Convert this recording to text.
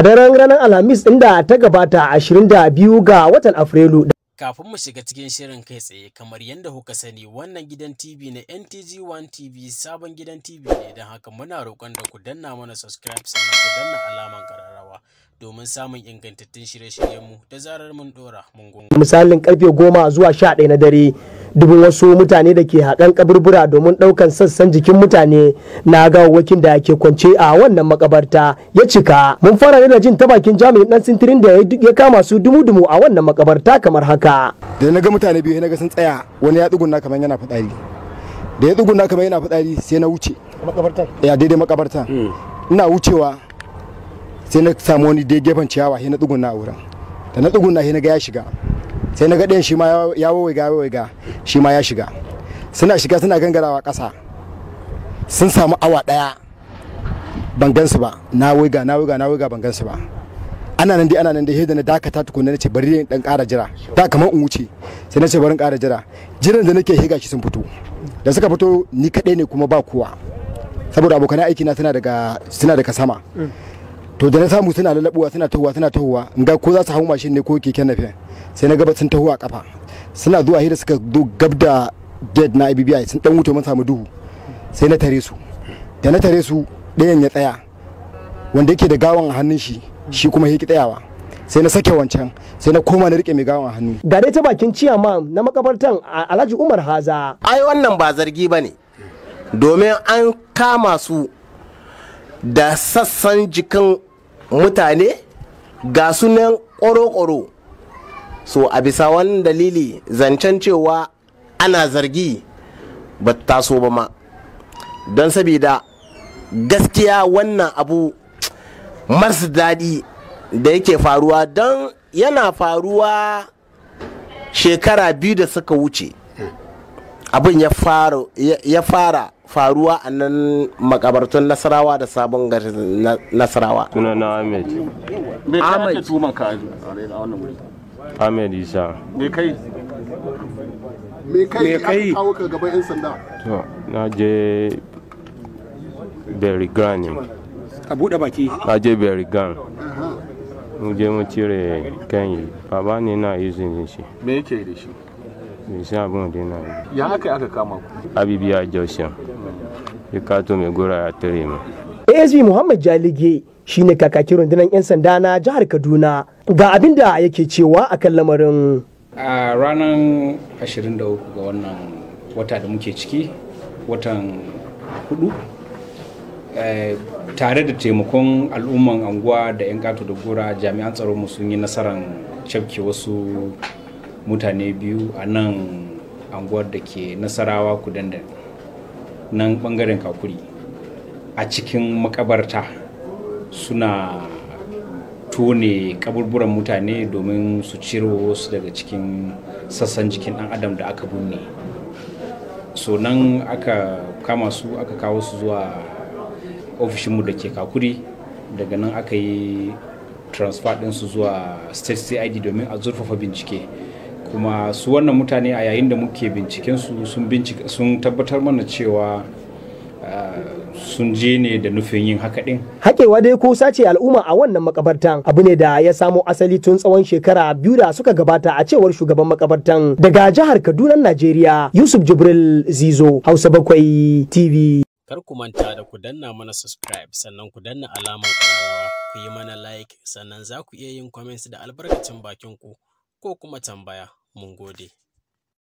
a daren ranar alhamis inda ta gabata 22 ga watan afrilu kafin mu shiga cikin shirin kai tsaye kamar yadda kuka sani wannan gidan tv na ntg 1 tv sabon gidan tv ne don haka muna roƙon da ku danna mana subscribe sannan ku danna alaman kararrawa domin samun ingantattun shirye-shiryenmu da zarar mun dora mun misalin karfe goma zuwa sha na dare dubin wasu mutane da ke haƙan kaburbura domin ɗaukan sassan jikin mutane na gawawwakin da ke kwance a wannan makabarta ya cika mun fara da jin ta bakin jami'in ɗan sintirin da ya kama su dumu-dumu a wannan makabarta kamar haka da na ga mutane biyu na ga sun tsaya wani ya tsugunna kamar yana fitsari da ya tsugunna kamar yana fitsari sai na wuce makabarta ya daidai makabarta hmm. ina wucewa sai na samu wani dai gefen ciyawa sai na tsugunna a wurin da na tsugunna sai na ga ya shiga sai na ga shi ma ya wawaiga wawaiga shi ma ya shiga suna shiga suna gangarawa ƙasa sun samu awa ɗaya ban gansu ba na waiga na waiga na waiga ban gansu ba ana nan dai ana nan dai sai da na dakata tukunna nace bari in dan ƙara jira da kamar in wuce sai nace bari in ƙara jira jiran da nake higa shi sun fito da suka fito ni kaɗai ne kuma ba kowa saboda abokan aiki na suna daga suna daga sama mm. to da na samu suna lalabuwa suna tohuwa suna tohuwa in ga ko za su hau mashin ne ko keken nafe sai na gaba sun taho a kafa suna zuwa hira suka gab da gate na IBBI sun dan wuce mun samu duhu sai na tare su da na tare su ɗayan ya tsaya wanda yake da gawan a hannun shi shi kuma yake tsayawa sai na sake wancan sai na koma na rike mai gawan hannu da dai ta bakin ciya ma na makabartan Alhaji Umar Haza ai wannan ba zargi ba ne domin an kama su da sassan jikin mutane ga sunan ƙoro-ƙoro so a bisa wani dalili zancen cewa ana zargi ba taso ba ma don sabida gaskiya wannan abu masu daɗi da yake faruwa don yana faruwa shekara biyu da suka wuce abin ya fara faruwa a nan makabartun nasarawa da sabon garin nasarawa. Sunana Ahmed. Ahmed. Ahmed Isa. Me kai? Me kai aka kawo ka gaban 'yan sanda? To, na je Berrigan ne. A buɗe baki? Na je Berrigan. Mu je mu cire kanyi. Baba ne na izinin shi. Me yake da shi? Me sai abin da na yi. Ya haka aka kama ku? Abibiya Joshua. Ya kato mai gura ya tare mu. asb muhammad jalige shine kakakin rundunar 'yan sanda na jihar kaduna ga abin da yake cewa akan lamarin a ranar 23 ga wannan wata da muke ciki watan hudu eh, tare da taimakon al'umman anguwa da 'yan gato da gora jami'an tsaron mu sun yi nasarar cafke wasu mutane biyu a nan anguwar da ke nasarawa kudandan nan bangaren kakuri a cikin makabarta suna tone kaburburan mutane domin su ciro wasu daga cikin sassan jikin ɗan adam da aka binne so nan aka kama su aka kawo su zuwa ofishinmu da ke kakuri daga nan aka yi transfer su zuwa state cid domin a zurfafa bincike kuma su wannan mutane a yayin da muke bincikensu sun tabbatar mana cewa sun je ne da nufin yin haka din hakewa dai ko sace al'umma a wannan makabartan abu ne da ya samo asali tun tsawon shekara biyu da suka gabata a cewar shugaban makabartan daga jihar kaduna najeriya yusuf jibril zizo hausa bakwai tv kar ku manta da ku danna mana subscribe sannan ku danna alamar ku yi mana like sannan za ku iya yin comments da albarkacin bakin ku ko kuma tambaya mun gode